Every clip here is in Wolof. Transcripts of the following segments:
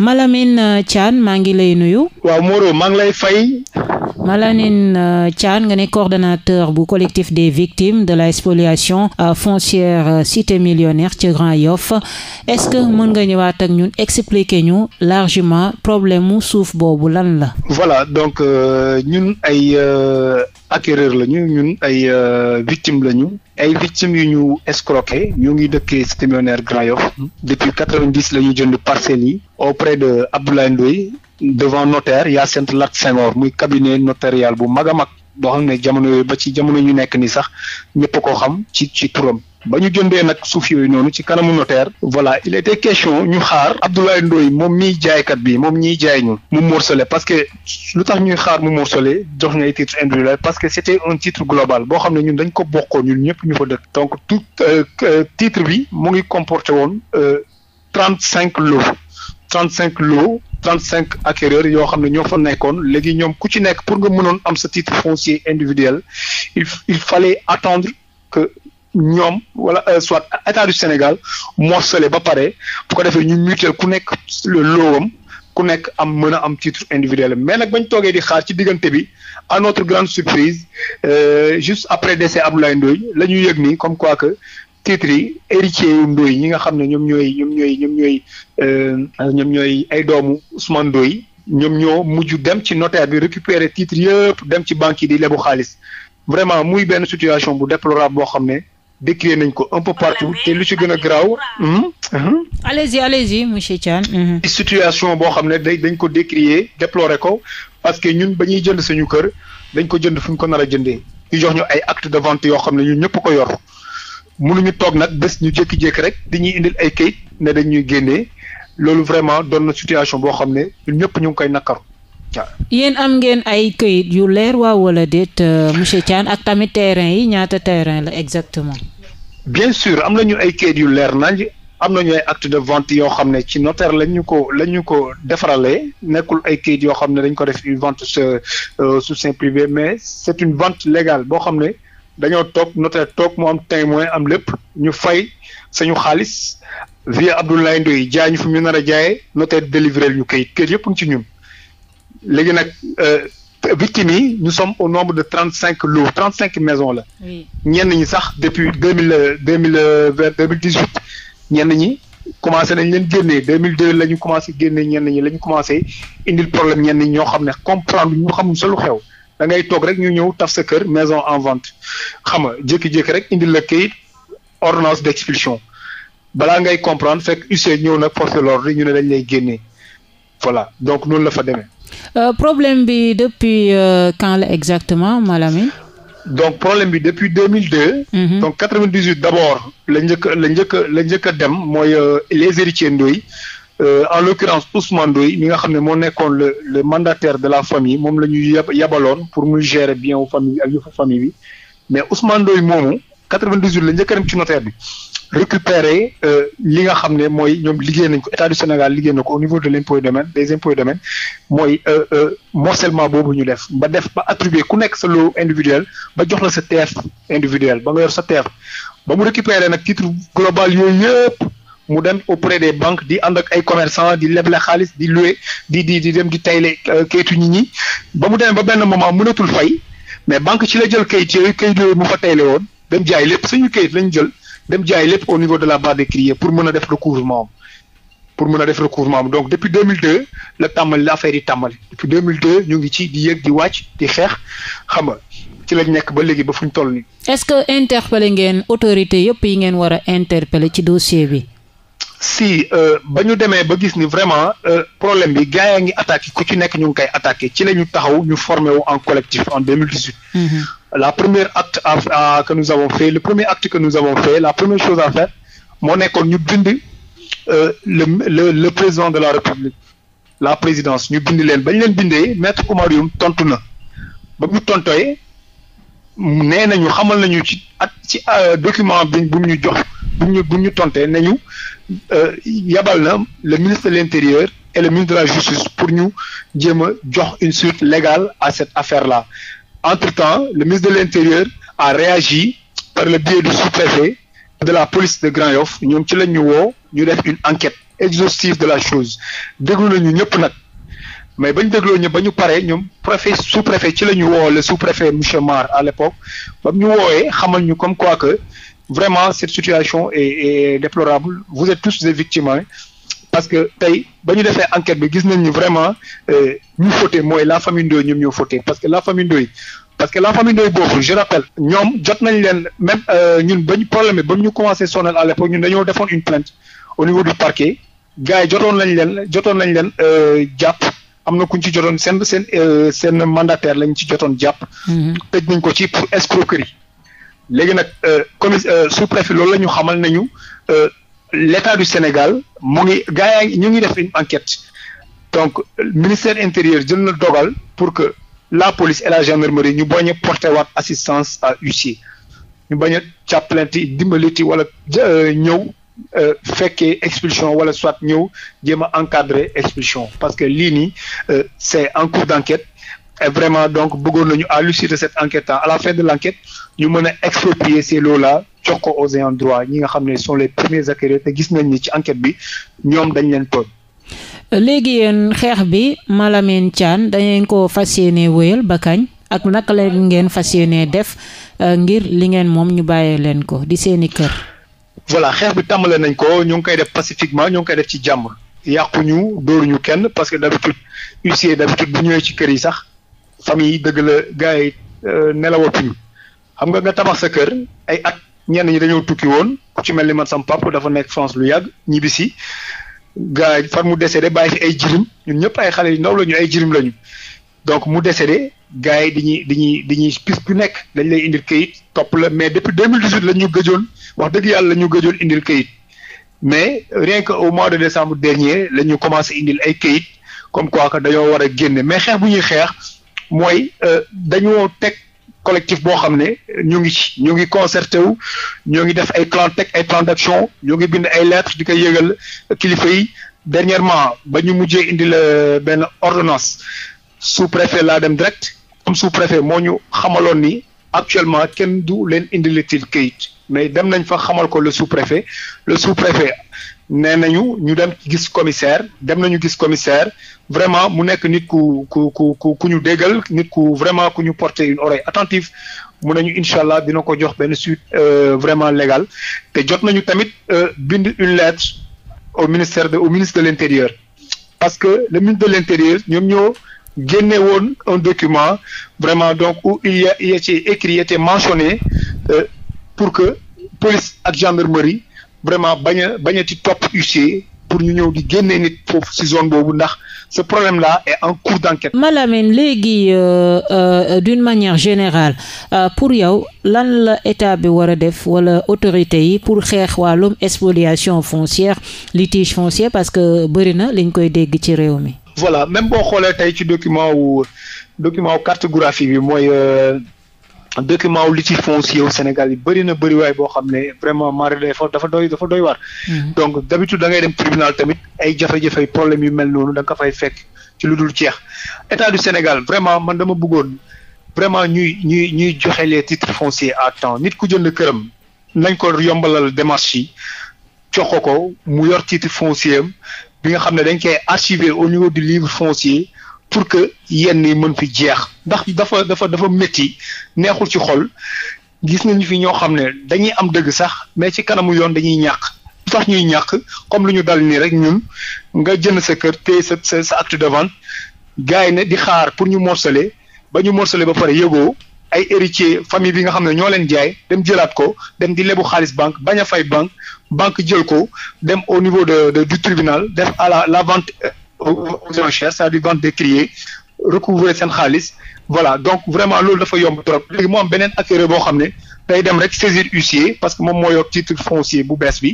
Malamine euh, Thiam maa ngi lay nuyu. waaw Moreau maa ngi lay fay. Malamine euh, Thiam nga ne coordonnateur bu collectif des victimes de la spoliation euh, foncière cité millionnaire ci Grand Yoff est-ce que mën nga ñëwaat ak ñun expliquer ñu largement problème mu suuf boobu lan la. voilà donc ñun ay acquéreur lañu ñun ay victime lañu. ay victimes yu ñu escroqué ñoo ngi dëkkee cité millionnaire Grand Yoff mm-hmm. depuis quatre-vingt-dix la ñuy jënd parcelles yi auprès de Abdoulaye Ndoye devant notaire Hyacinthe Lat Senghor muy cabinet notarial bu mag a mag boo xam ne jamono yooyu ba ci jamono ñu nekk ni sax ñëpp ko xam ci ci turam ba ñu jëndee nag suuf yooyu noonu ci kanamu notaire voilà il était question ñu xaar Abdoulaye Ndoye moom miy jaaykat bi moom ñiy jaay ñu mu morcelé parce que lu tax ñuy xaar mu morcelé jox ñu ay titres individuels parce que c'était un titre global boo xam ne ñu dañ ko bokkoon ñun ñëpp ñu fa dëkk donc tout euh, euh, titre bi mu ngi comporté woon trente euh, cinq lo trente cinq lots trente cinq acquéreurs yoo xam ne ñoo fa nekkoon léegi ñoom ku ci nekk pour nga mënoon am sa titre foncier individuel il il fallait ñoom wala euh, soit état du Sénégal morcelé ba pare bu ko defee ñu mutuel ku nekk loowam ku nekk am mën a am titre individuel mais nag bañ toogee di xaar ci diggante bi à notre grande surprise euh, juste après décès Abdoulaye Ndoye la ñu yëg nii comme quoi que titre yi héritier yu Ndoye ñi nga xam ne ñoom ñooy ñoom ñooy ñoom ñooy euh, ñooy ay doomu Ousmane Ndoye ñoom ñoo mujj dem ci notaire bi récupérer titre yëpp dem ci banque yi di lebu xaalis vraiment muy benn situation bu déplorable boo xam ne décrié nañ ko un peu partout te lu ci gën a garaaw. Hmm? Hmm? allez-y allez-y monsieur Thiam. Hmm. situation boo xam ne dañ ko décrié déploré ko parce que ñun ba ñuy jënd suñu kër dañ ko jënd fu ñu ko nar a jëndee ñu jox ñu ay acte de vente yoo xam ne ñun ñëpp ko yor mënuñu toog nag bés ñu jékki-jékki rek dañuy indil ay kayit ne dañ ñuy génnee loolu vraiment doon na situation boo xam ne ñun ñëpp ñu ngi koy nakar waaw yéen am ngeen ay këyit yu leer waaw wala déet euh, monsieur Thiam ak tamit terrain yi ñaata terrain la exactement. bien sur am na ñu ay kayit yu leer nañ am nañu ay acte de vente yoo xam ne ci notaire lañ ñu ko lañ ñu ko defarale nekkul ay kayit yoo xam ne dañ ko def une vente euh, sous seing privé mais c'est une vente légale boo xam ne dañoo toog notaire toog mu am témoin am lépp ñu fay sañu xaalis via Abdoulaye Ndoye jaay ñu fi mu nar a jaayee notaire délivré ñu kayit kayit yëpp ngi ci ñun léegi nag. Euh, victimes yi nous sommes au nombre de trente cinq lots trente cinq maisons la. ñenn ñi sax depuis deux mille deux mille vingt deux dix huit ñenn ñi commencé nañ leen génnee deux mille deux la ñu commencé génnee ñenn ñi la ñu commencé indil problème ñenn ñi ñoo xam ne comprendre ñu xamul sa lu xew. dangay toog rek ñu ñëw taf sa kër maison en vente xam nga jékki-jékki rek indil la kayit ordonnance d' expulsion balaa ngay comprendre fekk UC ñëw na force de l'ordre ñu ne dañ lay génnee. voilà donc noonu la fa demee. Euh, problème bi depuis euh, quand la exactement Malamine. donc problème bi depuis 2002. Mm -hmm. donc 98 d' abord la njëkk la njëkk la njëkk a dem mooy euh, les héritiers Ndoye euh, en l'occurrence Ousmane Ndoye mi nga xam ne moo nekkoon le le mandataire de la famille moom la ñuy yabaloon pour muy gérer bien wu famille ak yëfu famille bi mais Ousmane Ndoye moomu 98 la njëkk a dem ci bi. récupérer euh, li nga xam ne mooy ñoom liggéey nañ ko état du Sénégal liggéey na ko au niveau de l'impôt et domaine des impôts et domaines mooy euh, euh, morcellement boobu ñu def ba def ba attribuer ku nekk sa lot individuel ba jox la sa TF individuel ba nga yor sa TF ba mu récupérer nag titre global yooyu yëpp mu dem auprès des banques di ànd ak ay commerçant di leble xaalis di louer di di di dem di tayle kayitu nit ñi ba mu demee ba benn moment mënatul fay mais banque ci la jël kayit yooyu kayit yooyu mu fa tayle woon dem jaay lépp suñu kayit lañ jël dem jaay lépp au niveau de la barre des criers pour mën a def recouvrement am pour mun a def recouvrement am donc depuis 2002 la tàmbali la affaire yi tàmbali depuis 2002 ñu ngi ci di yëg di wàcc di xeex xam nga ci lañ nekk ba léegi ba fu ñu toll nii. est-ce que interpellé ngeen autorité yëpp yi ngeen war a interpellé ci dossier bi. si euh, ba ñu demee ba gis ni vraiment euh, problème bi gars yaa ngi attaqué ku ci nekk ñu ngi koy attaqué ci la ñu taxaw ñu formé wu en collectif en 2018. la première acte à, à, que nous avons fait le premier acte que nous avons fait la première chose à faire moo nekkoon ñu bind euh, le le le président de la république la présidence ñu bind leen bañ leen bindee maître Oumar Youm tontu na ba mu tontoyee nee nañu xamal nañu ci at ci euh, document bi bu ñu jox bu ñu bu ñu tontee nañu euh, yabal na le ministre de l'intérieur et le ministre de la justice pour ñu jéem a jox une suite légale à cette affaire là Entre-temps, le ministre de l'Intérieur a réagi par le biais du sous-préfet de la police de Grand Yoff ñoom ci lañ ñu woo ñu def une enquête exhaustive de la chose déglu nañu ñëpp nag mais ba ñu dégloo ñëpp ba ñu paree ñoom préfet sous-préfet ci la ñu woo le sous-préfet monsieur Mar à l'époque ba ñu woowee xamal ñu comme quoi que vraiment cette situation est, est déplorable vous êtes tous des victimes parce que tey ba ñu defee enquête bi gis nañ ni vraiment euh, ñu fauté mooy la famille Ndoye ñoom ñoo fauté parce que la famille Ndoye parce que la famille Ndoye boobu je rappelle ñoom jot nañ leen même euh, ñun ñu problème ba ñu commencé sonal à l'époque ñun dañoo defoon une plainte au niveau du parquet gars yi jotoon lañ leen jotoon lañ leen euh, jàpp am na ku ñu ci jotoon seen seen seen mandataire lañ ci jotoon jàpp. Mm-hmm. tëj nañ ko ci pour escroquerie. léegi nag commis sous-préfet loolu la ñu xamal nañu l'état du Sénégal mu ngi gars yi ñu ngi def une enquête donc ministère intérieur jël na dogal pour que la police et la gendarmerie ñu bañ a porté waat assistance à huissier ñu bañ a càppalante dimbaliti wala euh, ñëw euh, fekkee expulsion wala soit ñëw jéem a encadrer expulsion parce que lii nii euh, c'est en cours d'enquête et vraiment donc bëggoon nañu à l'issue de cette enquête à la fin de l'enquête ñu mën a exproprier ces lots-là jox ko aux ayants droit ñi nga xam ne sont les premiers acquéreurs te gis nañ ni ci enquête bi ñoom dañ leen tooñ. léegi yéen xeex bi Malamine Thiam dangeen ko fas yéene wéyal ba kañ ak naka la ngeen fas yéene def euh, ngir li ngeen moom ñu bàyyee leen ko di seeni kër. voilà xeex bi tàmbale nañ ko ñu ngi koy def pacifiquement ñoo ngi koy def ci jàmm yàquñu dóoruñu kenn parce que d'habitude huissier d'habitude bu ñëwee ci kër yi sax famille dëgg la gars yi euh, nelawatuñu xam nga sa kër ñenn ñi dañoo tukki woon ku ci mel ni man sam dafa nekk France lu yàgg ñibbisi gars fan mu décédé bàyyi fi ay jirim ñun ñëpp ay xale yu ndaw la ñu ay jirim lañu donc mu décédé gars yi dañuy di dañuy pis bu nekk dañ lay indil kayit topp la mais depuis 2018 la ñu gëjoon wax dëgg yàlla la ñu gëjoon indil kayit mais rien que au mois de décembre dernier la ñu commencé indil ay kayit comme quoi que dañoo war a génne mais xeex bu ñuy xeex mooy euh, dañoo teg. collectif boo xam ne ñu ngi ci ñu ngi concerté wu ñoo ngi def ay plan teg ay plan d'action ñoo ngi bind ay lettres di koy yëgal kilifa yi dernièrement ba ñu mujjee indi la benn ordonnance sous-préfet laa dem direct comme sous-préfet moo ñu xamaloon ni actuellement kenn du leen indilatil këyit mais dem nañ fa xamal ko le sous-préfet le sous-préfet nee nañu ñu dem gis commissaire dem nañu gis commissaire vraiment mu nekk nit ku ku ku ku ku ñu déggal nit ku vraiment ku ñu porter une oreille attentive mu nañu incha allah dina ko jox benn suite euh, vraiment légal te jot nañu tamit euh, bind une lettre au ministère de au ministre de l' parce que le ministre de l' intérieur ñoom ñoo génne woon un document vraiment donc où il y a il y a écrit mentionné euh, pour que police ak gendarmerie vraiment bañ bañ ci topp huissier pour ñu ñëw di génnee nit foofu ci zone boobu ndax ce problème la est en cours d'enquête. Malamine léegi euh, euh, d'une manière générale euh, pour yow lan la état bi war a def wala autorité yi pour xeex wàllum spoliation foncière litige foncier parce que bëri na liñ koy dégg ci réew mi. voilà même boo xoolee tey ci document wu document wu cartographie bi mooy. Euh, document wu litige foncier wu Sénégal yi bëri na bëri boo xam ne vraiment maaré dafa dafa doy dafa doy waar mm-hmm. donc d'habitude da ngay dem tribunal tamit ay jafe-jafe problème yu mel noonu da ko fay fekk ci lu dul ceex état du Sénégal vraiment man dama bëggoon vraiment ñuy ñuy ñuy joxe les titres fonciers à temps nit ku jënd këram nañ ko yombalal démarche yi jox ko mu yor titre foncier am bi nga xam ne dañ koy archiver au niveau du livre foncier pour que yenn yi mën fi jeex ndax dafa dafa dafa métti neexul ci xol gis nañu fi ñoo xam ne dañuy am dëgg sax mais ci kanamu yoon dañuy ñàq lu tax ñuy ñàq comme lu ñu dal nii rek ñun nga jënd sa kër téye sa sa acte de vente gars ne di xaar pour ñu morcelé ba ñu morcelé ba pare yëgoo ay héritier famille bi nga xam ne ñoo leen jaay dem jëlaat ko dem di lebu xaalis banque bañ a fay banque banque jël ko dem au niveau de du tribunal def à la aux enchères c'est-à-dire vente décriée recouvrer seen xaalis voilà donc vraiment loolu dafa yomb trop léegi moo am beneen acquéreur boo xam ne day dem rek saisir huissier parce que moom moo yor titre foncier bu bees bi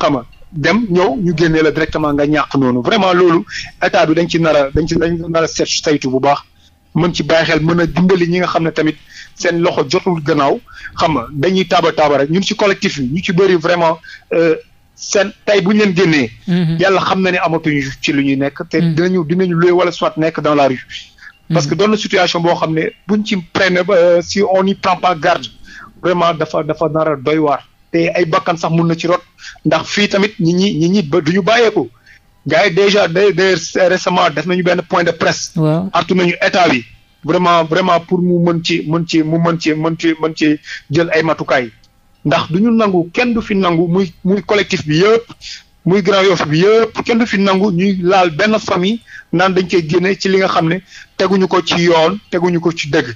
xam nga dem ñëw ñu génnee la directement nga ñàq noonu vraiment loolu état bi dañ ci nar a dañ ci dañ nar a seet saytu bu baax mën ci baaxeel mën a dimbali ñi nga xam ne tamit seen loxo jotul gannaaw xam nga dañuy taaba taaba rek ñu ñun ci collectif bi ñu ci bëri vraiment euh, seen tey bu ñu leen mhm. yàlla xam na ne amatuñu ci lu ñuy nekk. te dina mhm. dinañu loué wala soit nekk dans la rue. parce que mhm. doon situation boo xam ne buñ ci prene euh, si on n'y prend pas garde vraiment dafa dafa nara a doy waar. te ay bakkan sax mun na ci rot ndax fii tamit ñi ñi ñi ñi ba du ñu bàyyeeku gars yi déjà d'ailleurs récemment def nañu benn point de presse. waaw artu nañu état bi. vraiment vraiment pour mu mën ci mën ci mu mën ci mën ci mën ci jël ay matukaay. ndax du ñu nangu kenn du fi nangu muy muy collectif bi yëpp muy Grand Yoff bi yëpp kenn du fi nangu ñuy laal benn famille naan dañ koy génne ci li nga xam ne teguñu ko ci yoon teguñu ko ci dëgg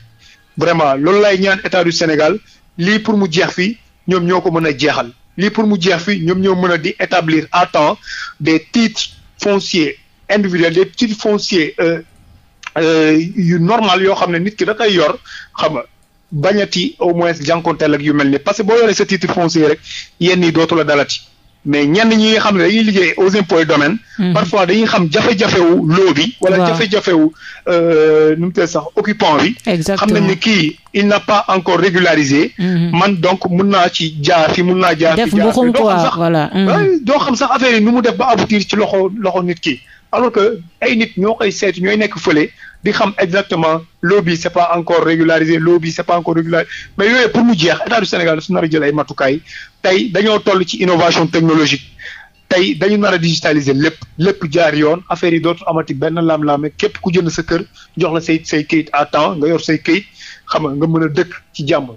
vraiment loolu lay ñaan état du Sénégal lii pour mu jeex fii ñoom ñoo ko mën a jeexal lii pour mu jeex fii ñoom ñoo mën a di établir à temps des titres fonciers individuels des titres fonciers euh, euh, yu normal yoo xam ne nit ki da koy yor xam nga bañati au moins jànkonteel ak yu mel ni parce que boo yoree sa titre foncier rek yenn yi dootu la dalati mais ñenn ñi nga xam ne dañuy liggéey aux impôts et domaines. Hmm. parfois dañuy xam jafe-jafewu loo bi. wala jafe-jafewu euh, nu mu tee sax occupant bi. exactement xam nañ ne kii il n'a pas encore régularisé. Hmm. man donc mun naa ci jaar fi mun naa. jaar fi jaar fi doo xam sax voilà. Hmm. doo xam sax affaire yi nu mu def ba aboutir ci loxo loxo nit ki. alors que ay nit ñoo koy seet ñooy nekk fële di xam exactement loo bi c'est pas encore régularisé loo bi c'est pas encore régularisé mais yooyu pour mu jeex état du Sénégal su nar a jël ay matukaay tey dañoo toll ci innovation technologique tey dañu nar a digitaliser lépp lépp jaar yoon affaire yi dootul amati benn lam-laame képp ku jënd sa kër jox say say kayit à temps nga yor say kayit xam nga nga mën a dëkk ci jàmm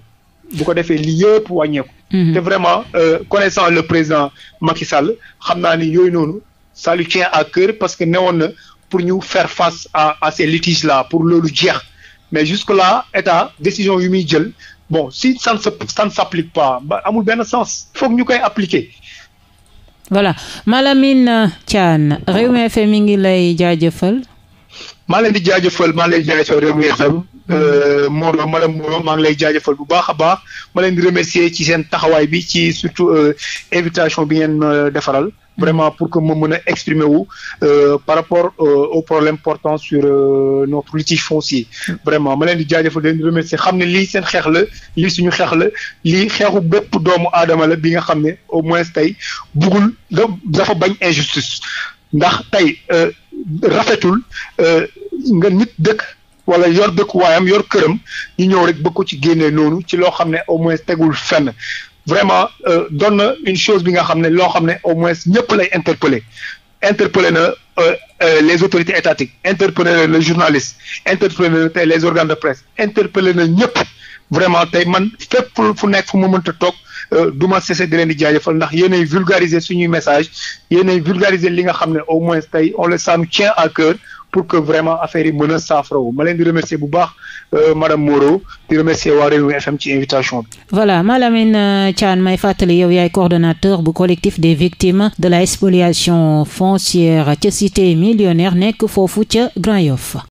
bu ko defee lii yëpp wàññeeku. Mhm. te vraiment euh, connaissant le président Macky Sall xam naa ni yooyu noonu. ça lui tient à cœur parce que newoon na pour ñu faire face à à ces litiges là pour loolu jeex mais jusque là état décision yu muy jël bon si ça ne se ça ne s'applique pas ba amul benn sens foog ñu koy appliquer. voilà Malamine Thiam Rewmi FM mi ngi lay jaajëfal. maa leen di jaajëfal maa lay jaajëfal Rewmi FM euh, Mawla madame Mawla maa ngi lay jaajëfal bu baax a baax ma leen di remercier ci seen taxawaay bi ci surtout euh, invitation bi ngeen euh, defaral. vraiment pour que ma mën a exprimer wu euh, par rapport euh, au problème portant sur euh, notre litige foncier vraiment ma leen di jaajëfal leen di remercier xam ne lii seen xeex la lii suñu xeex la lii xeexu bépp doomu aadama la bi nga xam ne au moins tey bugul dafa bañ injustice ndax tey rafetul nga nit dëkk wala yor dëkkuwaayam yor këram ñu ñëw rek bëgg ci génne noonu ci loo xam ne au moins tegul fenn vraiment euh, doon na une chose bi nga xam ne loo xam ne au moins ñëpp lay interpellé interpellé na euh, euh, les autorités étatiques interpellé na les journalistes interpellé na tey les organes de presse interpellé na ñëpp vraiment tey man fépp fu nekk fu ma mënta toog du ma cessé di leen di jaajëfal ndax yéenay vulgariser suñuy message yéenay vulgariser li nga xam ne au moins tey on le ça nous à cœur pour que vraiment affaire yi mën a saafarawu ma leen di remercier bu baax euh, madame Moreau di remercier waa Rewmi FM ci invitation bi. voilà Malamine euh, Thiam may fàttali yow yaay coordonnateur bu collectif des victimes de la spoliation foncière ca cité millionnaire nekk foofu ca Grand Yoff.